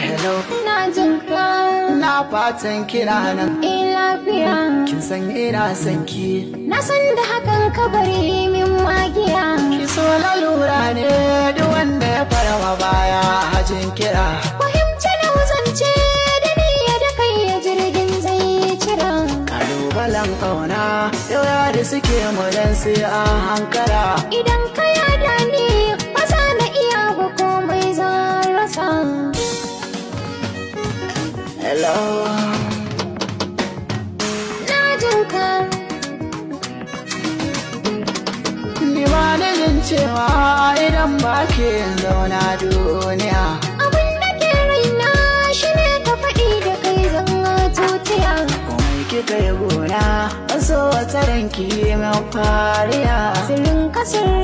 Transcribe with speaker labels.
Speaker 1: hello na jin ka na fatan kina nan eh lafiya kin san ina sanki. na san da hakan ka bari min magiya ki so lalura ne duk wanda ya fara baya a jin kira fahimci na
Speaker 2: wuzance da niyya da kai ya jirgin zai cira kalubalen kauna yau da suke mu dan sai hankara idan
Speaker 3: hello
Speaker 4: na ma cewa idan ba ke zauna duniya
Speaker 1: abin da ke raina shi ne ka faɗi da kai zanga tutiya kuma kika yi gona so wata ranki mai fariya sirrin kasar